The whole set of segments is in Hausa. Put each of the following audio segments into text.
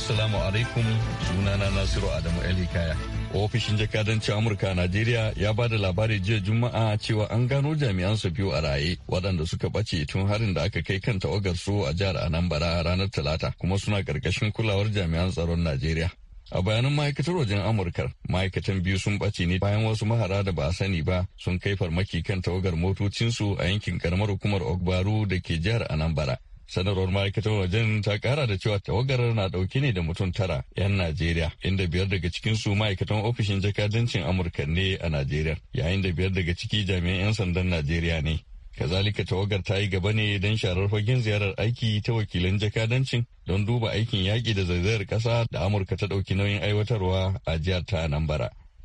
Assalamu alaikum sunana Nasiru Adamu Elikaya. Ofishin jakadancin Amurka a Najeriya ya ba da labari jiya Juma'a cewa an gano jami'an su biyu a raye waɗanda suka ɓace tun harin da aka kai kan tawagar su a jihar Anambra ranar Talata kuma suna ƙarƙashin kulawar jami'an tsaron Najeriya. A bayanin ma'aikatar wajen Amurka, ma'aikatan biyu sun ɓace ne bayan wasu mahara da ba a sani ba sun kai farmaki kan tawagar motocinsu a yankin ƙaramar hukumar Ogbaru da ke jihar Anambra. sanarwar ma'aikatar wajen ta kara da cewa tawagar na dauke ne da mutum tara 'yan najeriya inda biyar daga cikin su ma'aikatan ofishin jakadancin amurka ne a najeriya yayin da biyar daga ciki jami'an 'yan sandan najeriya ne kazalika tawagar ta yi gaba ne don sharar fagen ziyarar aiki ta wakilan jakadancin don duba aikin yaƙi da zaizayar ƙasa da amurka ta ɗauki nauyin aiwatarwa a jihar ta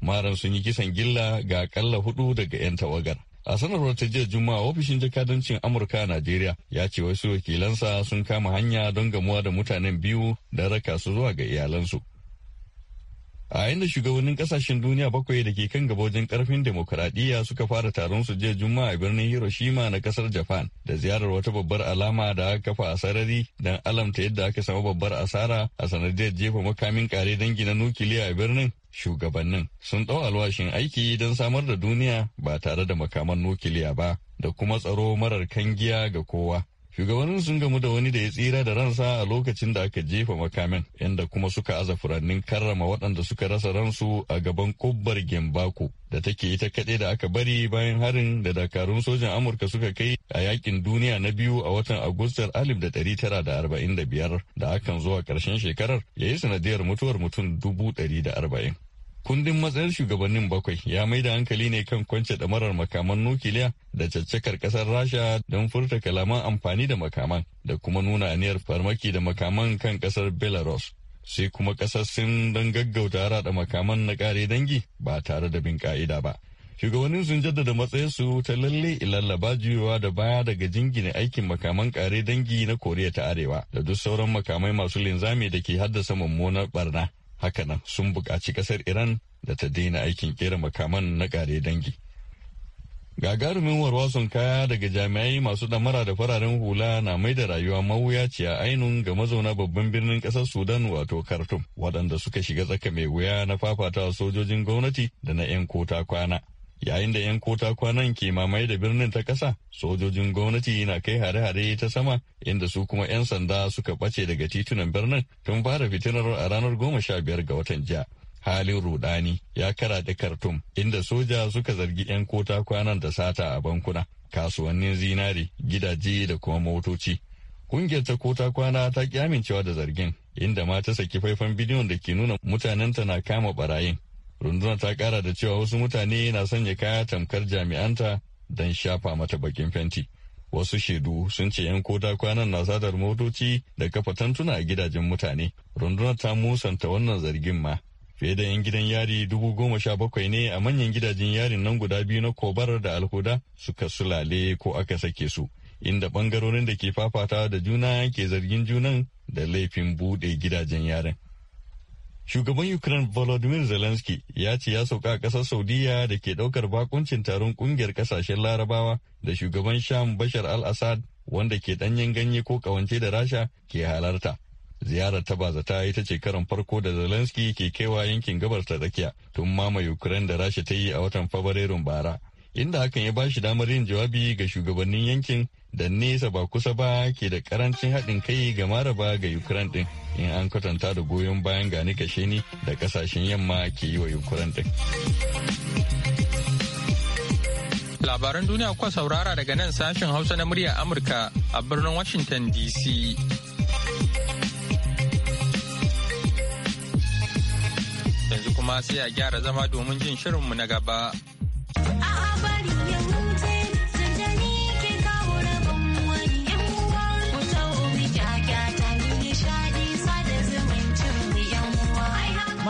maran sun yi kisan gilla ga akalla hudu daga 'yan tawagar a sanarwar ta jiya juma'a ofishin jakadancin amurka a najeriya ya ce wasu wakilansa sun kama hanya don gamuwa da mutanen biyu da raka su zuwa ga iyalansu a yayin da shugabannin kasashen duniya bakwai da ke kan gaba wajen karfin demokuraɗiyya suka fara taron su jiya juma'a a birnin hiroshima na kasar japan da ziyarar wata babbar alama da aka kafa a sarari don alamta yadda aka samu babbar asara a sanadiyar jefa makamin kare dangi na nukiliya a birnin shugabannin sun ɗau alwashin aiki don samar da duniya ba tare da makaman nukiliya ba da kuma tsaro marar kangiya ga kowa Shugabannin sun gamu da wani da ya tsira da ransa a lokacin da aka jefa makamin, inda kuma suka aza furannin karrama waɗanda suka rasa ransu a gaban kubbar Gembako da take ita kaɗai da aka bari bayan harin da dakarun sojan Amurka suka kai a yakin duniya na biyu a watan Agustar 1945 da akan zuwa ƙarshen shekarar ya yi sanadiyar mutuwar mutum 140. Kundin matsayar shugabannin bakwai ya mai da hankali ne kan kwance marar makaman nukiliya da caccakar kasar Rasha don furta kalaman amfani da makaman da kuma nuna aniyar farmaki da makaman kan kasar Belarus. Sai kuma kasar Sin don gaggauta raɗa makaman na kare dangi ba tare da bin ka'ida ba. Shugabannin sun jaddada matsayarsu ta lalle ilallaba juyawa da baya daga jingina aikin makaman kare dangi na Koriya ta Arewa da duk sauran makamai masu linzami da ke haddasa mummunar barna. hakanan sun buƙaci ƙasar iran da ta daina aikin kera makaman na ƙare dangi gagarumin warwason kaya daga jami'ai masu ɗamara da fararen hula na mai da rayuwa mawuyaciya ainun ga mazauna babban birnin ƙasar sudan wato khartoum waɗanda suka shiga tsaka mai wuya na fafatawa sojojin gwamnati da na 'yan kota kwana yayin da 'yan kota kwanan ke mamaye da birnin ta ƙasa sojojin gwamnati na kai hare-hare ta sama inda su kuma 'yan sanda suka ɓace daga titunan birnin tun fara fitinar a ranar goma sha biyar ga watan jiya halin rudani ya da kartum inda soja suka zargi 'yan kota kwanan da sata a bankuna kasuwannin zinari gidaje da kuma motoci kungiyar ta kota kwana ta ki amincewa da zargin inda ma ta saki faifan bidiyon da ke nuna mutanenta na kama barayin runduna ta kara da cewa wasu mutane na sanya kaya tamkar jami'anta don shafa mata bakin fenti wasu shaidu sun ce 'yan koda kwanan na sadar motoci da kafa tantuna a gidajen mutane runduna ta musanta wannan zargin ma fiye da 'yan gidan yari dubu goma sha bakwai ne a manyan gidajen yarin nan guda biyu na kobar da alhuda suka sulale ko aka sake su inda bangarorin da ke fafata da juna ke zargin junan da laifin buɗe gidajen yarin Shugaban Ukraine Volodymyr Zelensky ya ce ya sauka a ƙasar Saudiya da ke ɗaukar bakuncin taron ƙungiyar ƙasashen Larabawa da shugaban Sham Bashar al-Assad wanda ke ɗanyen ganye ko ƙawance da Rasha ke halarta. Ziyarar ta bazata ita ce karon farko da Zelensky ke kaiwa yankin gabar ta tsakiya tun mamaye Ukraine da Rasha ta yi a watan Fabrairun bara. inda hakan ya ba shi damar yin jawabi ga shugabannin yankin da nesa ba kusa ba ke da karancin haɗin kai ga maraba ga ukraine din in an kwatanta da goyon bayan gani kashe ni da kasashen yamma ke yi wa ukraine din labaran duniya kuwa saurara daga nan sashen hausa na murya amurka a birnin washington dc yanzu kuma sai a gyara zama domin jin shirinmu na gaba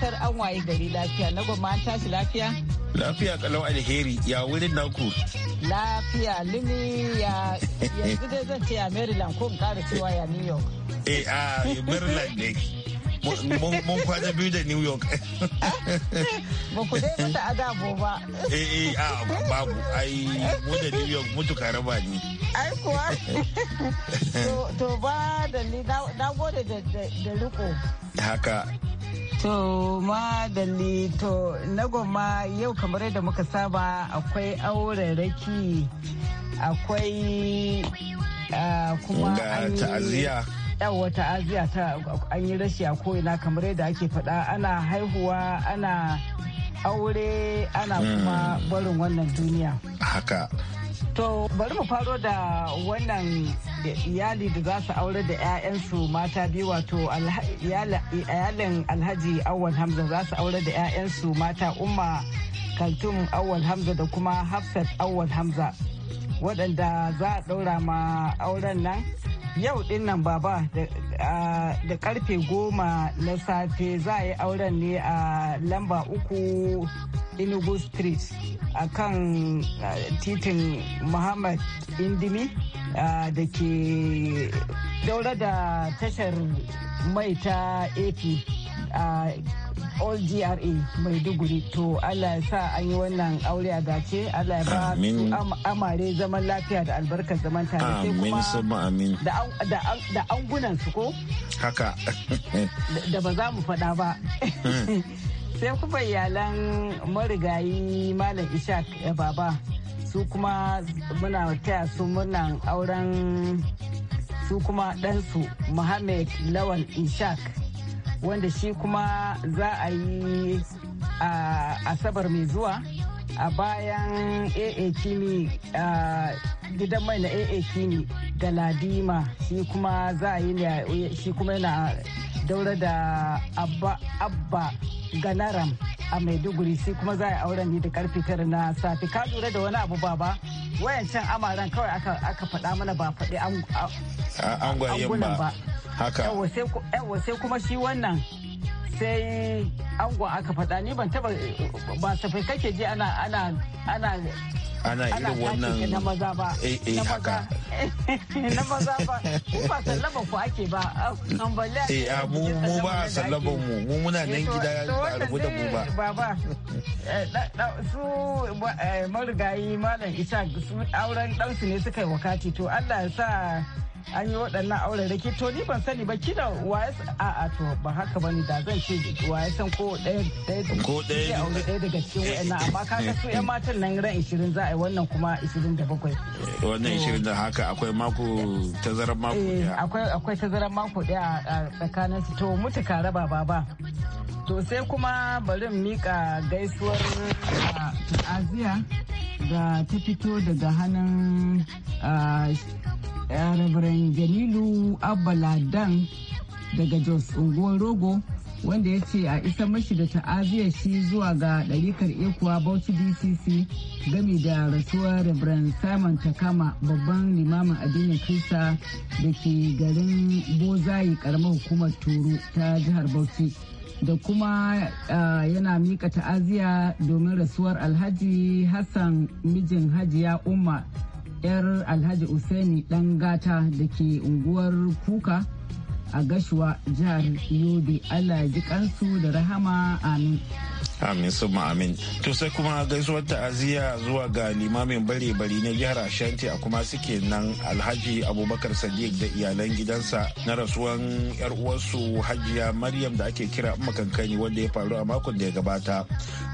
fatar an waye gari lafiya na gwamma an tashi lafiya lafiya kalau alheri ya wurin naku lafiya limi ya yanzu dai zan ce ya maryland ko in kara cewa ya new york eh ah, a maryland ne mun kwana biyu da new york ba ku dai mutu adabo ba eh eh ah, a babu ai mu da new york mutu karaba ne ai kuwa to ba da ni na gode da riko haka To madalli to na goma yau kamar yadda muka saba akwai raki akwai ah, kuma ta'aziyya. yawa ta'aziyya ta an yi rashi a ko'ina kamar yadda ake faɗa ana haihuwa ana aure ana kuma hmm. barin wannan duniya. Haka. To bari mu faro da wannan iyali da za su aure da 'ya'yansu mata biyu wato iyalin alhaji awal hamza za su aure da 'ya'yansu mata umma kaltum awal hamza da kuma hafsat awal hamza waɗanda za a ɗaura ma auren nan yau din nan baba da karfe goma na safe za a yi auren ne a lamba uku inugu street a kan titin muhammad indimi da ke daura da tashar mai ta ap all gra maiduguri to allah ya sa an yi wannan aure a dace allah ya ba su amare zaman lafiya da albarkar zaman tare sai kuma da angunan su ko haka da ba za mu fada ba hmm. sai kuma iyalan marigayi malam ishaq eh, baba su kuma muna taya su muna auren su kuma ɗansu muhammad lawan ishaq wanda shi kuma za a yi a asabar mai zuwa a bayan aa kimi gidan mai na aa kimi da ladima shi kuma za a yi shi kuma yana daura da abba abba ganaram a maiduguri shi kuma za a yi auren ni da karfe tara na safe ka lura da wani abu baba wayancan amaran kawai aka faɗa mana ba faɗi an ba haka yawa sai kuma shi wannan sai angon aka faɗa ni ban taba ba safai kake ji ana ana ana ana irin wannan na maza ba eh, eh haka na maza ba ku ba sallaban ku ake ba an balle a eh, mu mu ba sallaban mu mu muna nan eh, gida ba rubuta mu ba baba su marigayi malam isa auren su ne suka yi wakati to Allah ya sa an yi waɗannan auren rake to ni ban sani ba kina wayas a a to ba haka ba ni da zan ce wayas san ko ɗaya ɗaya ko ɗaya aure ɗaya daga cikin wayannan amma ka ga su yan matan nan ran 20 za a yi wannan kuma 27 wannan 20 da haka akwai mako tazarar mako eh, ɗaya akwai akwai tazarar mako ɗaya a tsakanin su to mutu ka raba baba to sai kuma bari mika gaisuwar ah, aziya da ta fito daga hannun ah, rabaran jamilu abbaladan daga jos unguwar rogo wanda ya ce a isa mashi da ta'aziyar shi zuwa ga ɗarikar ekuwa bauchi dcc gami da rasuwar rabaran simon takama babban limamin addinin krista da ke garin bozayi karamar hukumar turu ta jihar bauchi da kuma yana mika ta'aziya domin rasuwar alhaji hassan mijin hajiya umma 'yar alhaji usaini dan gata da ke unguwar kuka a gashuwa jihar yobe allah ji kansu da rahama amin Amin su amin. To sai kuma gaisuwar ta'aziyya zuwa ga limamin bare-bari na jihar Ashanti a kuma suke nan Alhaji Abubakar Sadiq da iyalan gidansa na rasuwan yar uwarsu Hajiya Maryam da ake kira makankani wanda ya faru a makon da ya gabata.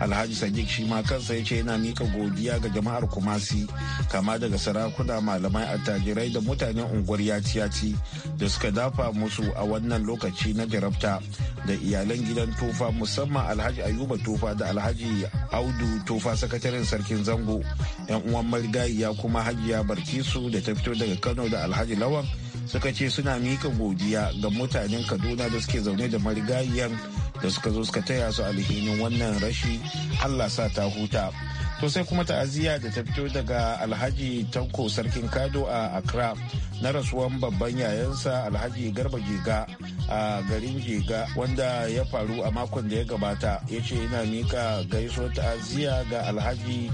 Alhaji Sadiq shi ma kansa ya ce yana mika godiya ga jama'ar Kumasi kama daga sarakuna malamai attajirai da mutanen unguwar yaci-yaci da suka dafa musu a wannan lokaci na jarabta da iyalan gidan tofa musamman alhaji ayuba tofa da alhaji audu tofa sakataren sarkin zango yan uwan marigayi ya kuma hajiya barkisu da ta fito daga kano da alhaji lawan suka ce suna mika godiya ga mutanen kaduna da suke zaune da marigayiyan da suka zo suka taya su alhinin wannan rashi allah sa ta huta to sai kuma ta'aziyya da ta fito daga alhaji tanko sarkin kado a accra na rasuwan babban yayansa alhaji garba giga a garin giga wanda ya faru a makon da ya gabata ya ce yana mika gaiso ta'aziyya ga alhaji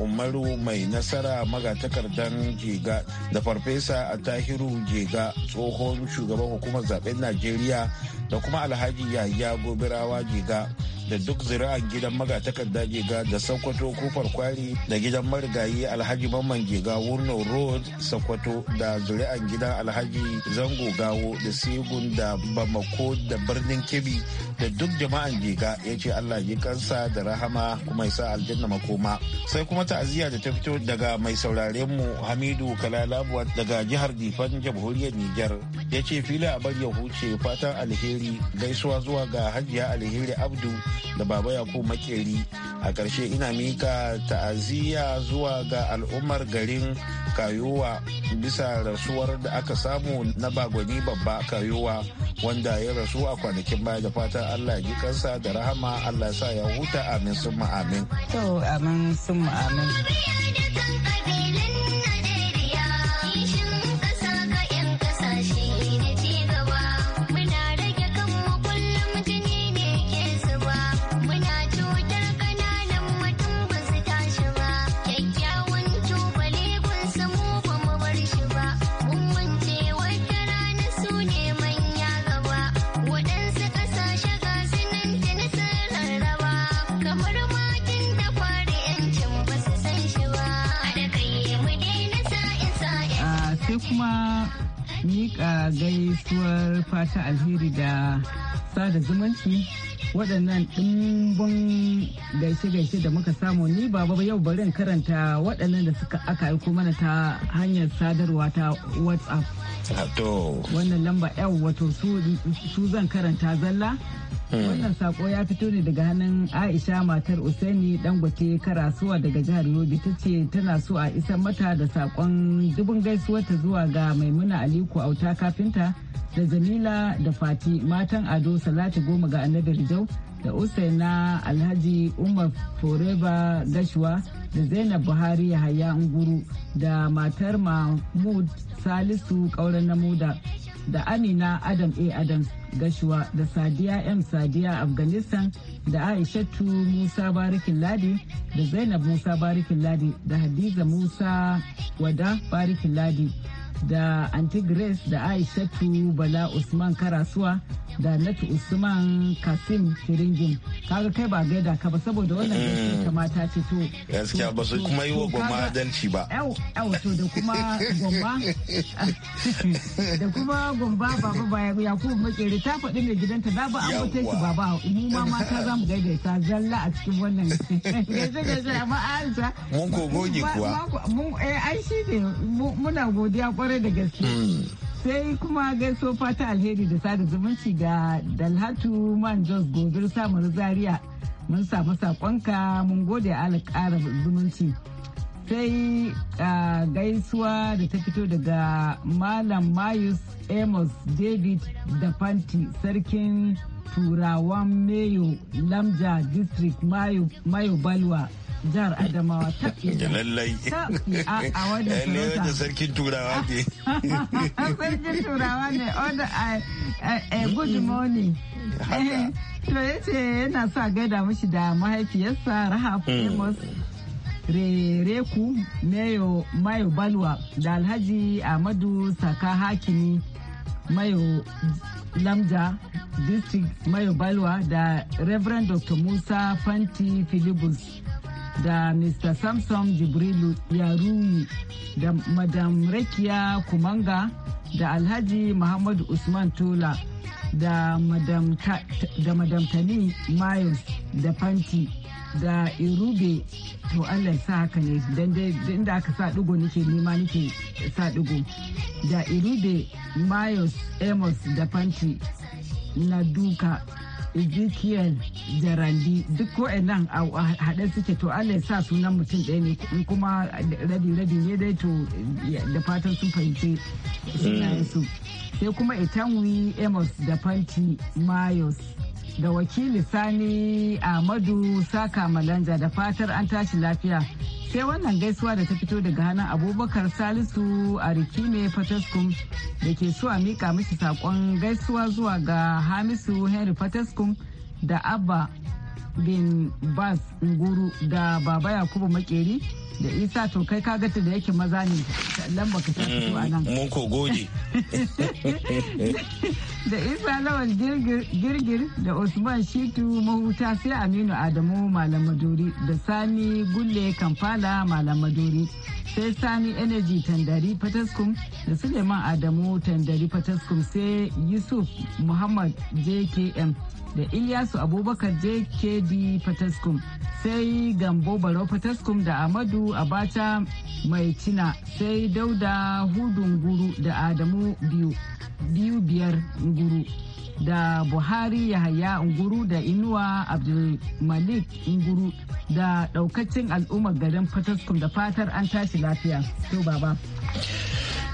umaru mai nasara magatakardan jega da farfesa a tahiru jega tsohon shugaban hukumar zaben najeriya da kuma alhaji yayya gobirawa jiga da duk zira'an gidan magatakarda giga da sokoto kofar kwari da gidan marigayi alhaji mamman giga wurno road sokoto da zuri'an gidan alhaji zango gawo da segun da bamako da birnin kebbi da duk jama'an giga ya ce allah ji kansa da rahama kuma sa aljanna makoma sai kuma ta'aziyya da ta fito daga mai sauraren mu hamidu kalalabuwa daga jihar difan jamhuriyar niger ya ce fili a bar ya huce fatan alheri gaisuwa zuwa ga hajiya alheri abdu da baba yakub makeri a ƙarshe ina mika ta'aziyya zuwa ga al'ummar garin kayowa bisa rasuwar da aka samu na bagwani babba kayowa wanda ya rasu a kwanakin baya da fatan allah ji kansa da rahama allah sa ya huta amin sun amin. to amin sun ma'amin. fata alheri da sada zumunci waɗannan ɗimbin gaishe-gaishe da muka samu ni baba yau barin karanta waɗannan da suka aka aiko mana ta hanyar sadarwa ta whatsapp wannan lamba yau wato su zan karanta zalla Hmm. Wannan sako ya fito ne daga hannun Aisha matar Usaini Dangote Karasuwa daga jihar Yobe ta ce tana so a isar mata da sakon dubin gaisuwar ta zuwa ga Maimuna Aliko Auta kafinta da zamila da Fati matan Ado Salati goma ga Annabi Rijau da Usaina Alhaji Umar Foreba Gashuwa da Zainab Buhari Yahaya Nguru da matar Mahmud Salisu Kauran Namuda da amina adam a adams gashuwa da sadiya m sadiya afghanistan da aishatu musa barikin ladi da zainab musa barikin ladi da hadiza musa wada barikin ladi da anti grace da aishatu bala usman karasuwa da natu usman kasim firingin kaga kai ba gaida ka ba saboda wannan mm. gaishe ta mata ce to gaskiya ba su kuma yi wa gwamma Danci ba yau to da kuma gwamma da kuma gwamma baba ba kuma makere ta faɗi mai gidanta da ba an mutai shi baba mu ma mata za mu gaida ta zalla a cikin wannan gaishe gaishe amma mun ko goge kuwa mun eh ai shi ne muna godiya kwarai kwarai da gaske sai kuma gaiso fata alheri da sada zumunci ga dalhatu man jos gobir samun zaria mun samu sakonka mun gode ala ƙara zumunci sai gaisuwa da ta fito daga malam mayus amos david da fanti sarkin turawan mayo lamja district mayo balwa jihar Adamawa ta ke lallai a wannan sarauta da sarkin turawa ne sarkin turawa ne order a good morning to ya ce yana sa gaida mashi da mahaifiyarsa Rahab hmm. Amos Rereku Mayo Mayo Balwa da Alhaji Ahmadu Saka Hakimi Mayo Lamja District Mayo Balwa da Reverend Dr. Musa Fanti filibus da Mr. Samson Jibrilu Yarumi da Madam Rakiya Kumanga da Alhaji Muhammadu Usman Tola da Madam, Tani Miles da Fanti da Irube to Allah sa haka ne don da aka sa digo nake nema nake sa digo da Irube Miles Amos da Fanti na duka ezekiel da duk nan a haɗe suke to allah ya sa sunan mutum ɗaya ne kuma rabi-rabi ne dai to da fatan sun fahimci sunayensu mm. sai kuma itanwi amos da fanti mayos da wakili sani ahmadu saka malanja da fatar an tashi lafiya sai wannan gaisuwa da ta fito daga hannun abubakar salisu a rikime fataskum da ke so a mika mishi sakon gaisuwa zuwa ga hamisu henry fataskum da abba bin bas nguru da baba yakubu makeri da isa to kai ka gata da yake maza ne lamba ka tafi fito a nan mm, mun ko goge da isa lawan girgir da usman shitu mahuta sai aminu adamu malam maduri da sani gulle kamfala malam maduri sai sani energy tandari fataskum da suleman adamu tandari fataskum sai yusuf muhammad jkm da Ilyasu Abubakar JKD Fataskum sai Gambo Barau Fataskum da Amadu Abacha Mai sai Dauda hudu Guru da Adamu Biyu biyu biyar Nguru da Buhari Yahaya Nguru da Inuwa Abdulmalik Nguru da daukacin al'ummar garin Fataskum da fatar an tashi lafiya. To baba.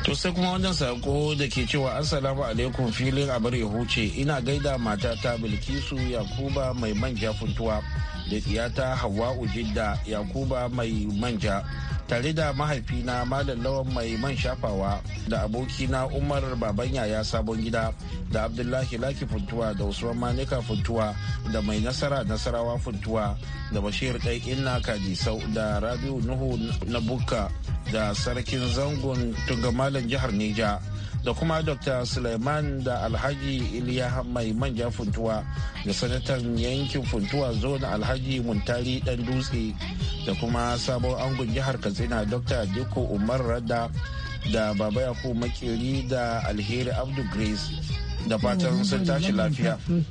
To sai kuma wajen sako da ke cewa Assalamu alaikum filin abar ya huce ina gaida mata ta Bilkisu Yakuba mai manja funtuwa da tsiyata hawa Ujidda Yakuba mai manja tare da mahaifina malam lawan mai man shafawa da abokina umar baban yaya sabon gida da abdullahi laki funtuwa da usman manika funtuwa da mai nasara nasarawa funtuwa da bashir Dai inna kadisau da rabiu nuhu na bukka da sarkin zangon tunga malam jihar nija da kuma dr suleiman da alhaji iliya mai manja funtuwa da sanatan yankin funtuwa zone alhaji muntari dan dutse da kuma sabon angon jihar katsina dr diko umar radda da baba yakubu makeri da alheri abdu grace da fatan mm, sun tashi lafiya eh,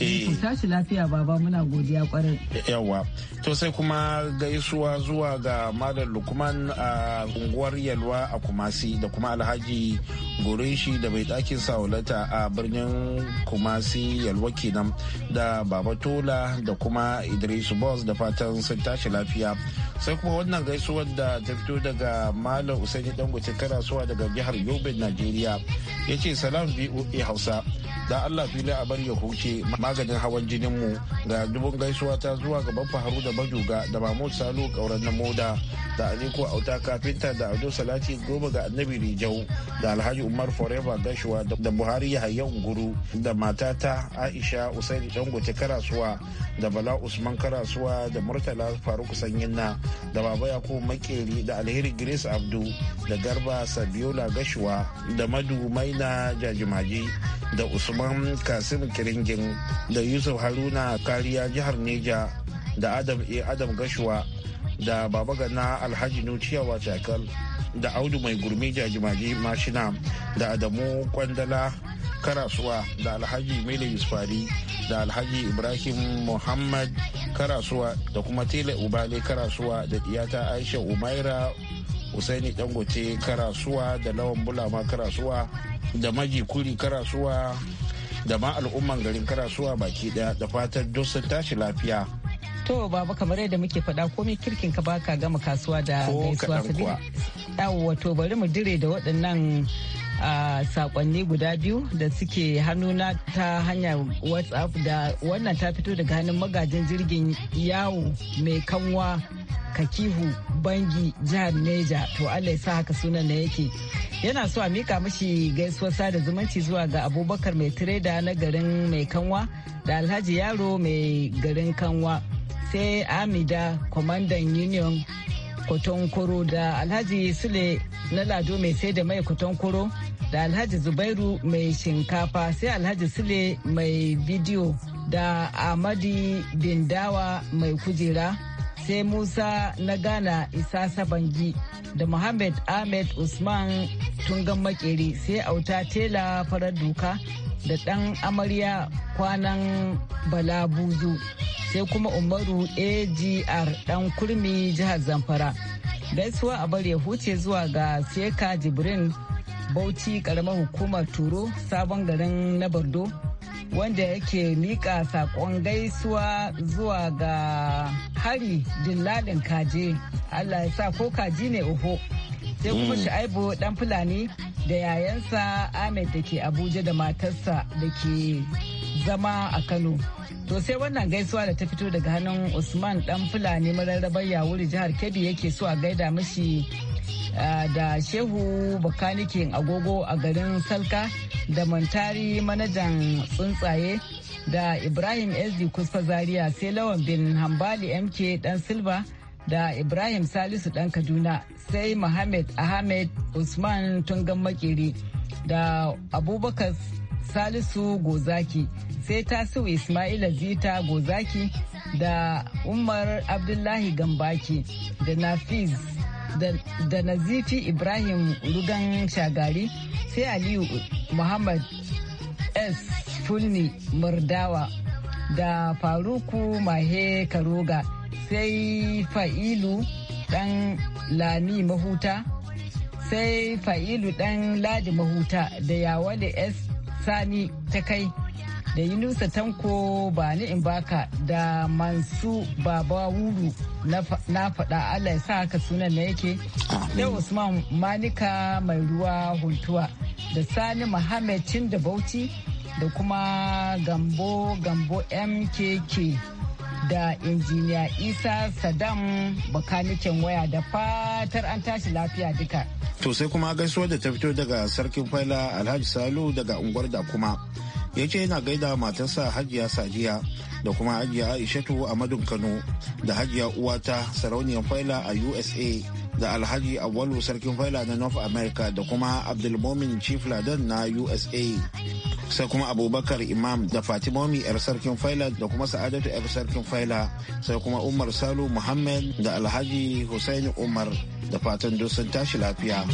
eh. Ku tashi lafiya baba muna godiya kwarai. Yawa. To sai kuma gaisuwa zuwa ga Malam Lukman a unguwar Yalwa a Kumasi da kuma Alhaji shi da mai ɗakin saulata a birnin kumasi yalwa kenan da babatola da kuma idris boss da fatan sun tashi lafiya sai kuma wannan gaisuwar da ta fito daga malam usaini dangote suwa daga jihar yobe nigeria ya ce salam voa hausa da allah fili a bar ya huce maganin hawan jinin mu ga dubun gaisuwa ta zuwa ga babba haru da majuga da mamu salu kauran na moda da aliko auta kafinta da ado salati goma ga annabi rijau da alhaji umar forever gashuwa da buhari yahaya guru da matata aisha usaini dangote suwa da bala usman karasuwa da murtala faruk sanyin na da baba yakubu makeri da alheri grace abdu da garba sabiola gashuwa da madu maina jajimaji da usman kasim kiringin da yusuf haruna kariya jihar neja da adam e adam gashuwa da baba gana alhaji nuciyawa cakal da audu mai gurmi jajimaji mashina da adamu kwandala karasuwa da alhaji mele yusufari da alhaji ibrahim muhammad karasuwa da kuma tele ubale karasuwa da diyata aisha umaira usaini dangote karasuwa da lawan bulama karasuwa da maji kuri karasuwa da ma al'umman garin karasuwa baki daya da fatar duk sun tashi lafiya to baba kamar yadda muke faɗa komai kirkin ka baka gama kasuwa da gaisuwa sabili yawo wato bari mu dire da waɗannan a sakonni guda biyu da suke hannuna ta hanyar whatsapp da wannan ta fito daga hannun magajin jirgin yawo mai kanwa kakihu bangi jihar neja to allah ya sa haka sunan na yake yana so a mika mashi gaisuwar sada zumunci zuwa ga abubakar mai tireda na garin mai kanwa da alhaji yaro mai garin kanwa sai amida kwamandan union Kotonkoro da Alhaji Sule na Lado mai sai da mai Kotonkoro da Alhaji Zubairu mai shinkafa sai Alhaji Sule mai bidiyo da Amadi Bindawa mai kujera sai Musa na Ghana Isa Sabangi da Muhammad Ahmed Usman Tungan Makeri sai auta tela farar doka da ɗan amarya kwanan Balabuzu sai kuma Umaru AGR ɗan kurmi jihar Zamfara. Gaisuwa a bari ya huce zuwa ga Seka Jibrin Bauchi ƙaramar hukumar Turo sabon garin na Bardo. wanda yake mika sakon gaisuwa zuwa ga hari dilladin kaje allah ya sa ko kaji ne oho sai kuma mm. shi'aibu dan fulani da yayansa ahmed da ke abuja da matarsa da ke zama a kano to sai wannan gaisuwa da ta fito daga hannun usman dan fulani mararrabar yawuri jihar kebbi yake so a gaida mashi da shehu bakanikin agogo a garin salka da mantari manajan tsuntsaye da ibrahim sd kusfa zaria sai lawan bin hambali mk dan silva da ibrahim salisu dan kaduna sai mohamed ahmed usman tungan makeri da abubakar salisu gozaki sai tasiu ismaila zita gozaki da umar abdullahi gambaki da nafiz da nazifi ibrahim rugan shagari sai aliyu muhammad s fulni murdawa da faruku mahe karoga sai fa'ilu dan lami mahuta sai fa'ilu dan ladi mahuta da yawale s sani ta kai da yunusa tanko ba ni in baka da mansu baba wuru na faɗa allah ya sa haka sunan na yake da usman manika mai ruwa huntuwa da sani muhammed cin da bauchi da kuma gambo gambo mkk da injiniya isa saddam bakaniken waya da fatar an tashi lafiya duka to sai kuma gaisuwa da ta fito daga sarkin faila alhaji salu daga unguwar da kuma ya ce yana gaida matarsa hajiya sadiya da kuma hajiya aishatu madun kano da hajiya uwata sarauniyar faila a usa da alhaji awalu sarkin faila na north america da kuma abdulmomin chief ladan na usa sai kuma abubakar imam da fatimomi yar sarkin faila da kuma sa'adatu yar sarkin faila sai kuma umar salu muhammad da alhaji hussaini umar da fatan sun tashi lafiya.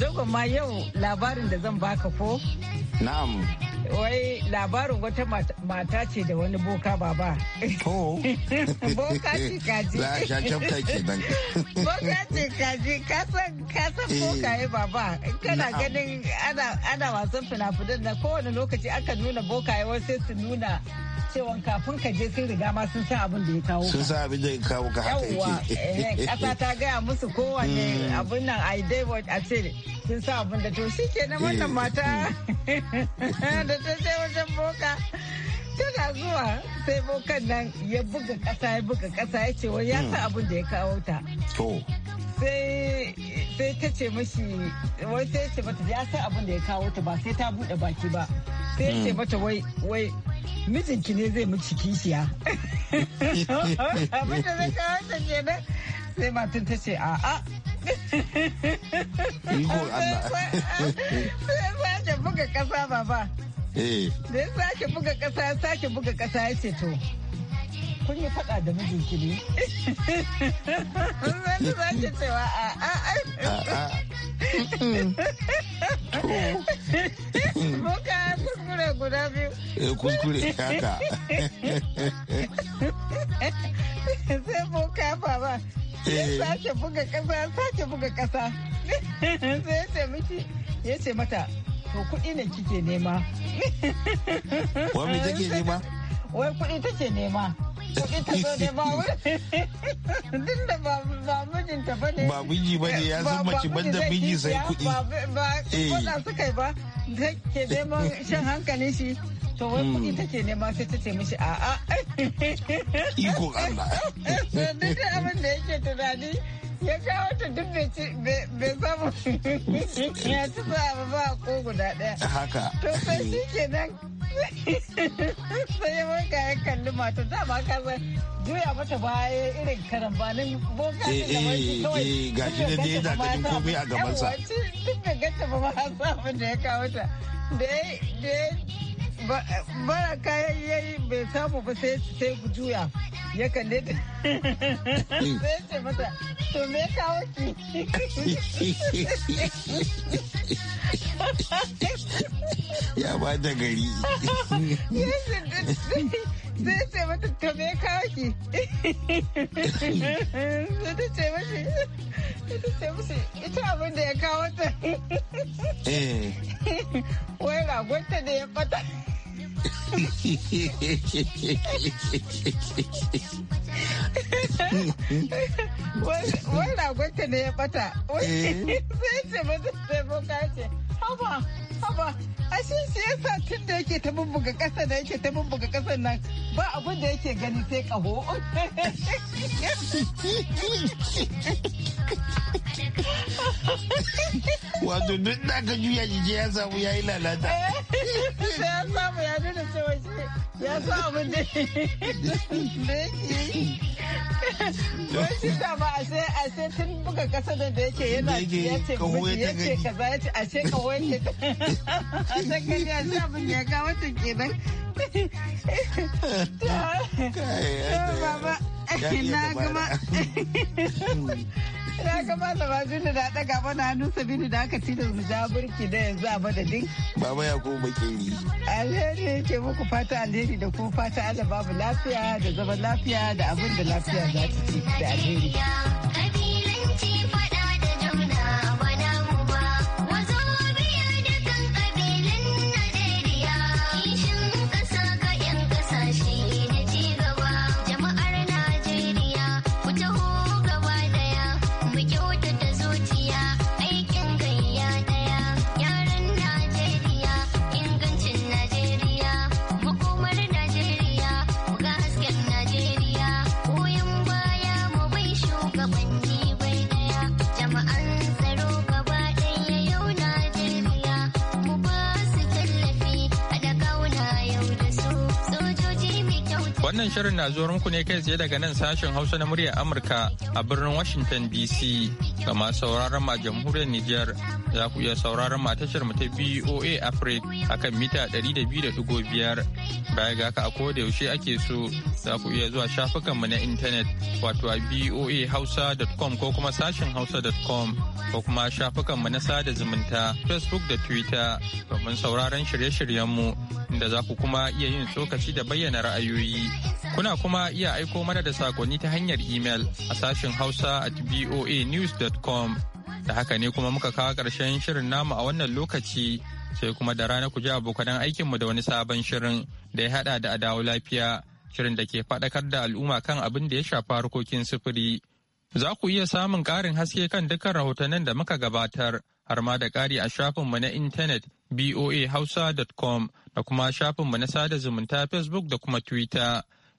Dogon ma yau labarin da zan baka ko? Na'am. Wai labarin wata mata ce da wani boka baba. Ko. Boka ce kaji. Za a sha cafta ke nan. Boka ce kaji kasan kasan eh. boka ya baba. Kana ganin ana wasan fina-finan na kowane lokaci aka nuna boka ya wasu su nuna cewa kafin ka je sun riga ma sun san abin da ya kawo ka sun san abin da ya kawo ka haka yake kasa eh, ta gaya musu kowane mm. abin nan ai david a ce sun san abin da to shi ke na wannan eh. mata da ta sai wajen boka tana zuwa sai bokan nan ya buga kasa ya buga kasa ya ce wai ya mm. san abin da ya kawo ta sai sai ta ce mashi wai sai ce mata ya san abin da ya kawo ta ba sai ta bude baki ba sai ce hmm. mata wai wai mijinki ne zai miki kishiya abin da zai kawo ta kenan sai matan ta ce a Ikon Allah. Sai sake buga kasa baba. Eh. Sai sake buga kasa sake buga kasa ya ce to. kun yi faɗa da mijinki ne. Zan sake cewa a Muka kuskure guda biyu. Eh, kuskure haka. Sai muka baba. Sai eh. sake buga kasa, sake buga kasa. Sai ya ce miki, ya ce mata, to kuɗi ne kike nema. Wani take nema? Wai kuɗi take nema. ba miji ba ne ya zama mace banda miji sai kuɗi ba kuɗa eh. suka yi ba ke neman shan hankalin shi to wai hmm. kuɗi take nema sai ta ce mishi a'a iko Allah duk abin da yake tunani ya sha wata duk bai samu ya ci sa abu ba ko guda ɗaya. Haka. To sai shi nan sai ya wanka ya kalli mata dama ka san juya mata baya irin karambanin boka eh, da wani eh, kawai. Eh ga shi ne dai yana ganin komai a gabansa. Duk da gata ba ma samun da ya kawo ta. Da ya bara kayan yayi bai samu ba sai sai juya ya kalle da ce mata to me ka wuce ya ba da gari zai ce mata kawo wai ragonta da ya fata Wannan ragonta ne ya bata. Wani eh. Sai ce ba zai ce haba. Haba, a shi yasa tun da yake ta bubbuga kasa da yake ta bubbuga kasa nan ba abin da yake gani sai kaho Wato duk da ka juya jiki ya samu ya yi lalata. Eh, ya samu ya nuna cewa ya sa abin da yake. Wai da ba a sai a sai tun buga kasa da da yake yana ya ce miji ya ce kaza ya ce a sai kawo ya a sai ka ga sai abin ya ga wata kenan. Baba, na gama. Hmm. Na ka malama Juna da daga mana hannu sabini da aka tilas mu ja burki da yanzu a madadin. Baba ya ko bakeri. Alheri yake muku fata alheri da kuma fata Allah babu lafiya da zaman lafiya da abin da lafiya za ta ci da alheri. shirin na zuwa muku ne kai tsaye daga nan sashen Hausa na muryar Amurka a birnin Washington DC. Ga masu sauraron ma jamhuriyar Nijar za ku iya sauraron matashar mu ta voa Africa akan mita 200.5 baya ga haka a koda yaushe ake so za ku iya zuwa shafukanmu na intanet wato a boahausa.com ko kuma sashin hausa.com ko kuma shafukanmu na sada zumunta Facebook da Twitter domin sauraron shirye shiryenmu inda za ku kuma iya yin tsokaci da bayyana ra'ayoyi kuna kuma iya aiko mana da sakonni ta hanyar email a sashen hausa at voanews.com Da haka ne kuma muka kawo ƙarshen shirin namu a wannan lokaci sai kuma da rana ku ji abokanan aikinmu da wani sabon shirin da ya haɗa da adawo lafiya shirin da ke faɗakar da al'umma kan abin da ya shafi harkokin sufuri. Za ku iya samun ƙarin haske kan dukkan rahotannin da muka gabatar har ma da ƙari a shafinmu na intanet hausa.com da kuma shafinmu na sada zumunta Facebook da kuma Twitter.